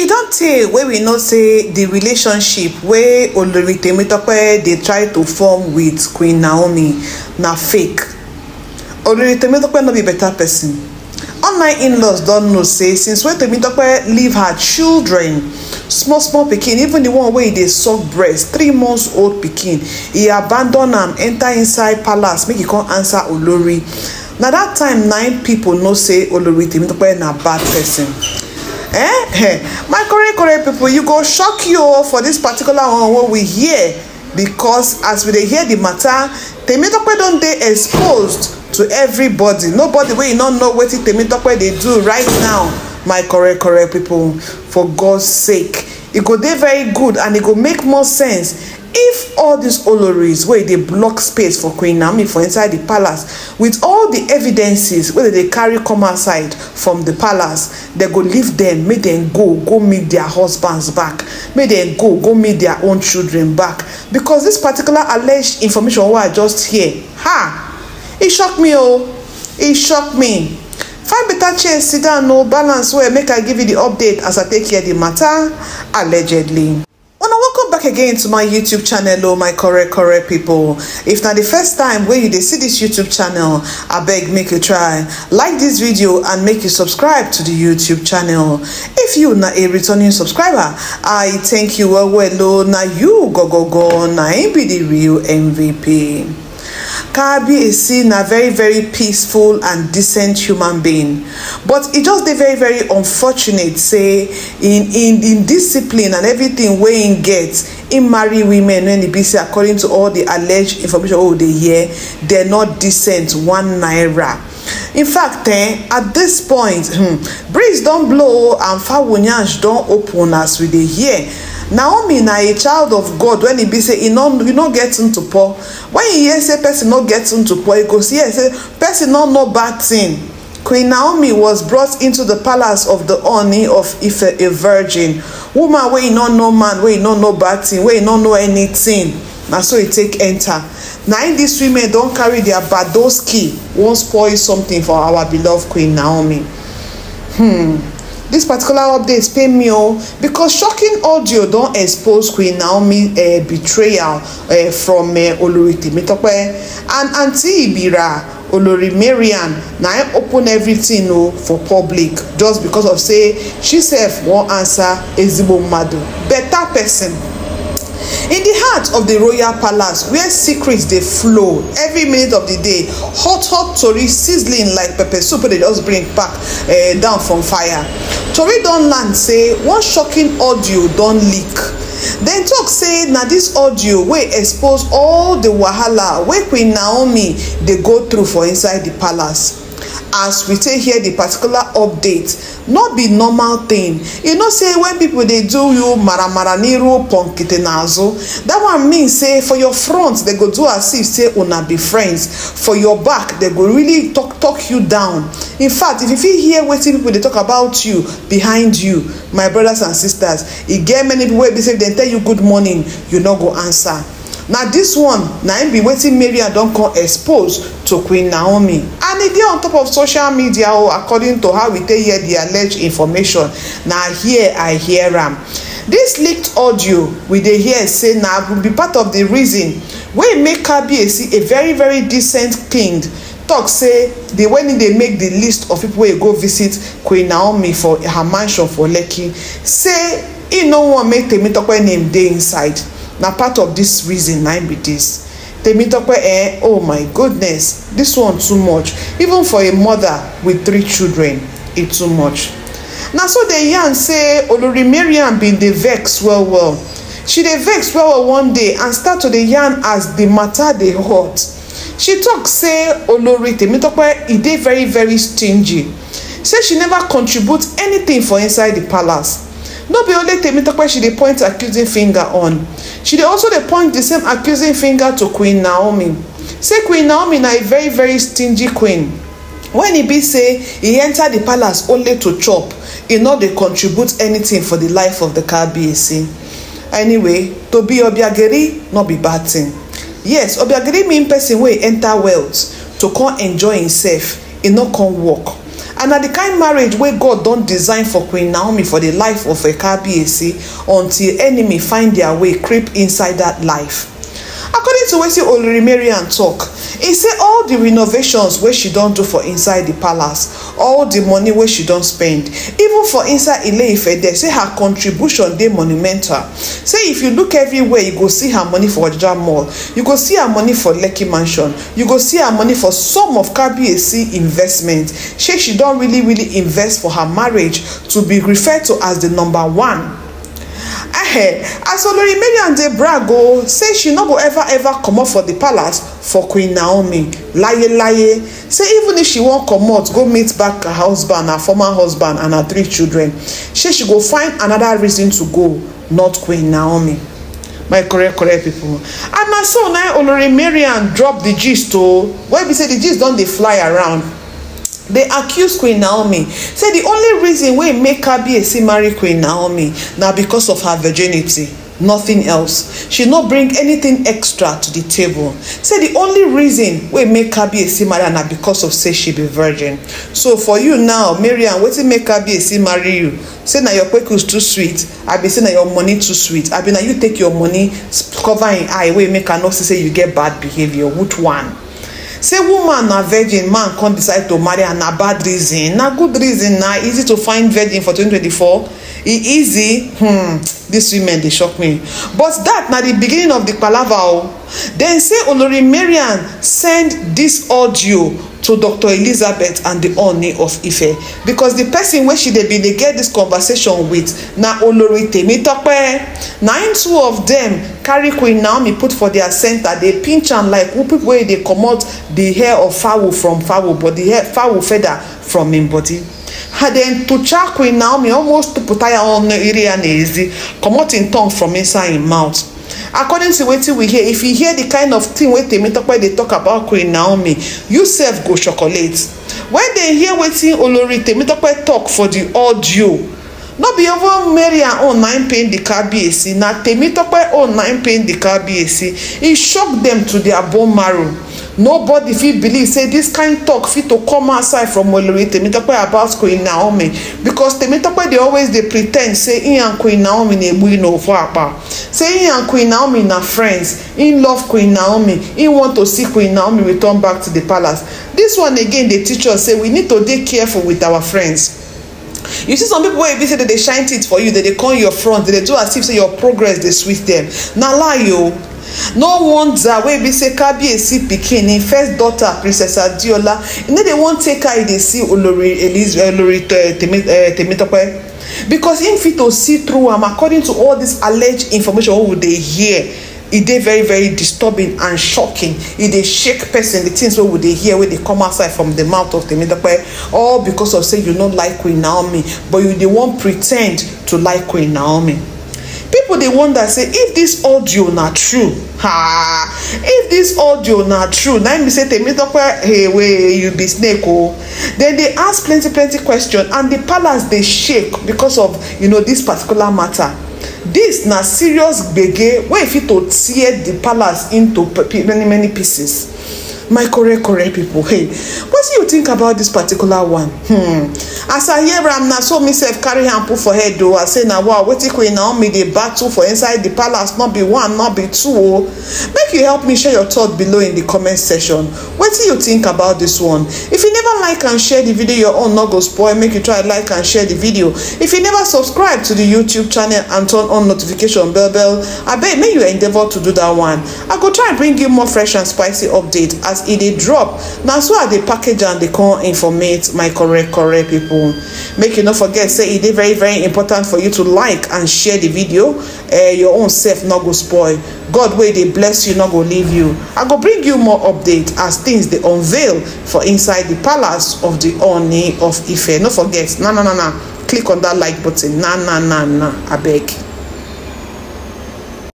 e don tey wey we know say di relationship wey olori temitope dey try to form wit queen naomi na fake olori temitope no be beta pesin online in-laws don know say since wey temitope leave her children small small pikin even the one wey e dey suck breast three months old pikin e abandon am enter inside palace make e come answer olori na dat time nine im pipo know say olori temitope na bad pesin Eh? eh my correct correct people, you go shock you o oh, for this particular one wey we hear because as we dey hear di mata temitope don dey exposed to everybody nobody wey e no know wetin temitope dey do right now my correct correct people, for god's sake e go dey very good and e go make more sense if all these oloris wey dey block space for queen naomi for inside the palace with all the evidences wey dey carry come outside from the palace dem go leave dem make dem go go meet their husbands back make dem go go meet their own children back because this particular alleged information wey i just hear ha e shock me o e shock me find better chair sit down no balance well make i give you the update as i take hear the matter, allegedly back again to my youtube channel o oh, my correct correct people. if na the first time wey you dey see this youtube channel I beg make you try like this video and make you subscribe to the youtube channel if you na a returning subscriber i thank you well well o oh, na you go go go na be the real mvp kabi is seen a very very peaceful and decent human being but it just dey very very unfortunate say in in in discipline and everything wey im get im marry women wen e be say according to all the alleged information wey we dey hear dem not decent one naira in fact eh, at this point hmm, breeze don't blow and fawunyansh don't open as we dey hear naomi na a child of god When e be say e no get into poor When e hear say person no get into poor e go hear say person no know bad thing queen naomi was brought into the palace of the oni of ife a virgin woman wey e no know man wey e no know bad thing wey e no know anything na so e take enter na in dis women don carry dia badoski wan spoil something for our beloved queen naomi hmm This particular update pain me oh because shocking audio don expose queen naomi eh, betrayal eh, from eh, oloritemitope and aunty ibira olori marian na I open everything oh for public just because of say she sef wan answer ezigbo mmadu better person. In the heart of the royal palace, where secrets they flow every minute of the day, hot, hot tori sizzling like pepper soup they just bring back uh, down from fire. Tori don land say one shocking audio don leak. dem talk say na dis audio wey expose all the wahala wey queen naomi dey go through for inside the palace as we take hear the particular update no be normal thing. You know say when people dey do you maramara n'iru punkite n'azụ dat one mean say for your front they go do as if say una be friends for your back they go really talk talk you down in fact if you fit hear wetin people dey talk about you behind you my brothers and sisters e get many people wey be say if dem tell you good morning you no go answer na dis one na im be wetin maria don come expose to Queen Naomi. And e on top of social media o oh, according to how we take hear the alleged information now here I hear am. This leaked audio we dey hear say now will be part of the reason wey make KBC a very very decent king Talk say di when they make the list of pipo wey go visit Queen Naomi for her mansion for Lekki say he no wan make them Temitope name day inside Now part of this reason na be this. Temitope eh oh my goodness this one too much even for a mother with three children e too much. na so dey yarn say olori mariam bin dey vex well well she dey vex well well one day and start to dey yarn as di mata dey hot she tok say olori temitope e dey very very stingy say she never contribute anything for inside di palace no be only temitope she dey point accusing finger on she dey also dey point the same accusing finger to queen naomi say queen naomi na a very very stingy queen When e be say e enter the palace only to chop e no dey contribute anything for the life of di kbac anyway to be obiageri no be bad thing. yes obiageri mean person wey enter wealth to come enjoy himself e no come work and na the kind marriage wey god don design for queen naomi for the life of ekabiesi until enemy find their way creep inside that life according to wetin olulrimarian talk, e say all di renovations wey she don do for inside di palace all di money wey she don spend even for inside ileife dem say her contribution dey monumental say if you look everywhere you go see her money for ojaja mall you go see her money for lekki mansion you go see her money for some of kabiyesi investment Say she don really really invest for her marriage to be referred to as the number one ahe as olorimeyan dey brag o say she no go ever ever comot for di palace for queen naomi layelaye say even if she wan comot go meet back her husband her former husband and her three children say she go find anoda reason to go not queen naomi my correct correct pipo and na so na olorimeyan drop di gist o wey be say di gist don dey fly around They accuse queen naomi say the only reason wey make her be kabiyesi marry queen naomi na because of her virginity nothing else she no bring anything extra to the table say the only reason wey make her kabiyesi marry her na because of say she be virgin so for you now mariam wetin make her be kabiyesi marry you say na your kpekus too sweet abi say na your money too sweet abi na you take your money cover im eye wey make her know say you get bad behaviour which one say woman na virgin man come decide to marry her na bad reason na good reason na easy to find virgin for 2024 e easy hmm dis women they shock me but that na the beginning of the palava oh. Then say olori marian send this audio to dr elizabeth and the oni of ife because the person wey she dey bin dey get this conversation with na olori temitope na im two of dem carry queen naomi put for their center. dey pinch am like pipo wey e dey comot the hair of fowl from fowl but di fowl feather from im body and then to tucha queen naomi almost put tire on iri ya n'ezi comot im tongue from inside im mouth according to wetin we hear if you hear the kind of thing wey temitope dey talk about queen naomi you sef go chocolate When they hear wetin olori temitope talk for the audio no be even mary her own na im the car BAC. na temitope own na im the car BAC. e shock them to their bone marrow nobody fit believe say this kind talk fit to come outside from olori temitope about queen naomi because temitope dey always dey pretend say he and queen naomi na egbu in ofu apa say he and queen naomi na friends him love queen naomi he want to see queen naomi return back to the palace This one again dey teach us say we need to dey careful with our friends you see some people wey be say dem dey shine teeth for you dem dey come your front dem dey do as if say your progress dey sweet them. na lie o oh no wonder wey be say kabiyesi pikin im first daughter princess adeola no dey wan take her e dey see olori eliz eh, olori eh, eh, temitope because im fit to see through am according to all this alleged information wey we dey hear e dey very very disturbing and shocking e dey shake person the things wey we dey hear wey dey come outside from the mouth of temidope all because of say you no like queen naomi but you dey wan pre ten d to like queen naomi people dey wonder say if this audio na true ha if this audio na true na im be say temitope ewe you be snake o oh. dem dey ask plenty plenty question and the palace dey shake because of you know this particular matter This na serious gbege wey fit to tear the palace into many many pieces my correct correct people. hey wetin you think about this particular one hmm as i hear am na so me sef carry am put for head o i say na wow wetin queen naomi dey battle for inside di palace not be one not be two o oh. make you help me share your thought below in di comment section wetin you think about dis one if you never like and share di video your own no go spoil make you try like and share di video if you never subscribe to di youtube channel and turn on notification bell bell abeg make you endeavour to do dat one i go try bring you more fresh and spicy update as e dey drop na so i dey package and dey come informate my correct correct people own make you not forget say it is very very important for you to like and share the video eh, your own self not go spoil god wey they bless you not go leave you i go bring you more update as things they unveil for inside the palace of the oni of ife no forget na na na na click on that like button na na na na beg.